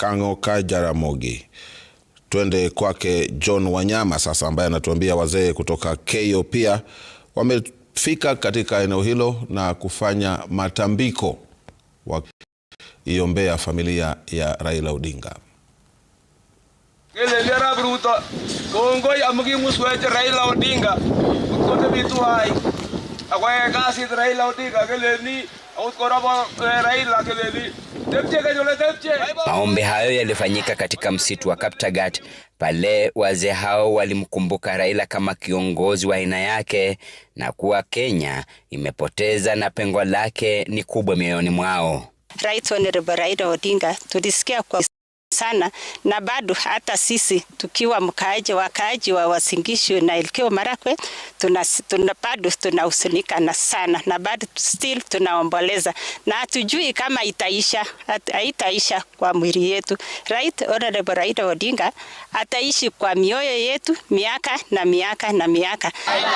Kang'o ka Jaramogi. Twende kwake John Wanyama sasa, ambaye anatuambia wazee kutoka KO pia wamefika katika eneo hilo na kufanya matambiko wakiombea familia ya Raila Odinga. Maombi hayo yalifanyika katika msitu wa Kaptagat pale wazee hao walimkumbuka Raila kama kiongozi wa aina yake na kuwa Kenya imepoteza na pengo lake ni kubwa mioyoni mwao. Honorable Raila Odinga tulisikia kwa sana, na bado hata sisi tukiwa mkaaji wakaaji wa Uasin na Elgeyo Marakwet tuna, tuna, bado tunahusunika na sana na bado still tunaomboleza na hatujui kama itaisha, haitaisha kwa mwili yetu. Right Honorable Raila Odinga ataishi kwa mioyo yetu miaka na miaka na miaka. Amen.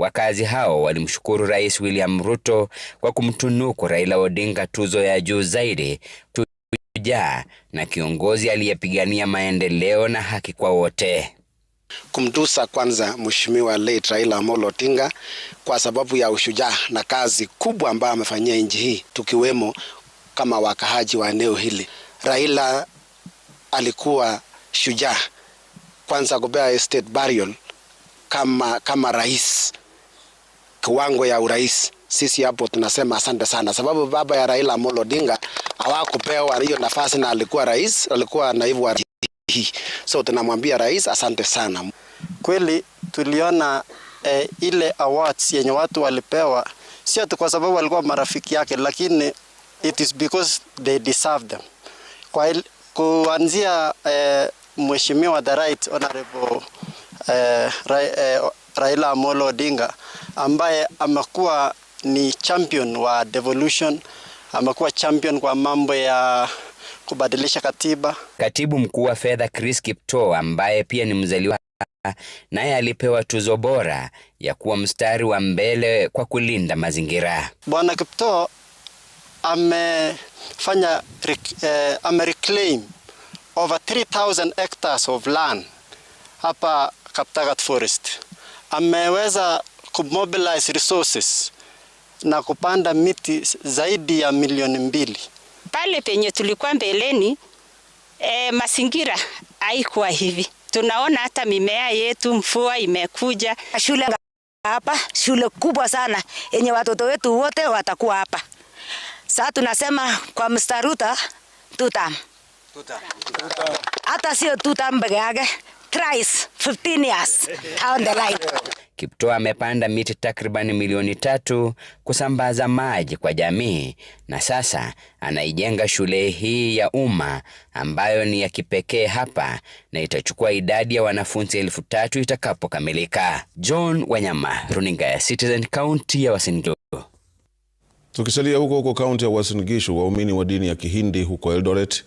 Wakazi hao walimshukuru Rais William Ruto kwa kumtunuku Raila Odinga tuzo ya juu zaidi, Shujaa, na kiongozi aliyepigania maendeleo na haki kwa wote. Kumtusa kwanza Mheshimiwa late Raila Amolo Odinga kwa sababu ya ushujaa na kazi kubwa ambayo amefanyia nchi hii, tukiwemo kama wakahaji wa eneo hili. Raila alikuwa shujaa, kwanza kupea estate burial kama, kama rais kiwango ya urais. Sisi hapo tunasema asante sana, sababu baba ya Raila Amolo Odinga hawakupewa hiyo nafasi, na alikuwa rais, alikuwa naibu wa So tunamwambia rais asante sana. Kweli tuliona eh, ile awards yenye watu walipewa, sio tu kwa sababu walikuwa marafiki yake, lakini it is because they deserve them. Kwa il, kuanzia eh, mheshimiwa the right honorable eh, eh, Raila Amolo Odinga ambaye amekuwa ni champion wa devolution, amekuwa champion kwa mambo ya kubadilisha katiba. Katibu mkuu wa fedha Chris Kipto ambaye pia ni mzaliwa naye alipewa tuzo bora ya kuwa mstari wa mbele kwa kulinda mazingira. Bwana Kipto amefanya eh, ame reclaim over 3000 hectares of land hapa Kaptagat Forest ameweza kumobilize resources na kupanda miti zaidi ya milioni mbili. Pale penye tulikuwa mbeleni, e, mazingira haikuwa hivi. Tunaona hata mimea yetu, mvua imekuja. Shule hapa, shule kubwa sana yenye watoto wetu wote watakuwa hapa. Sasa tunasema kwa mstaruta tutam, tutam, hata sio tutam begage thrice 15 years on the right. Kipto amepanda miti takribani milioni tatu kusambaza maji kwa jamii na sasa anaijenga shule hii ya umma ambayo ni ya kipekee hapa na itachukua idadi ya wanafunzi elfu tatu itakapokamilika. John Wanyama, runinga ya Citizen, kaunti ya Uasin Gishu. Tukisalia huko huko kaunti ya Uasin Gishu, waumini wa dini ya Kihindi huko Eldoret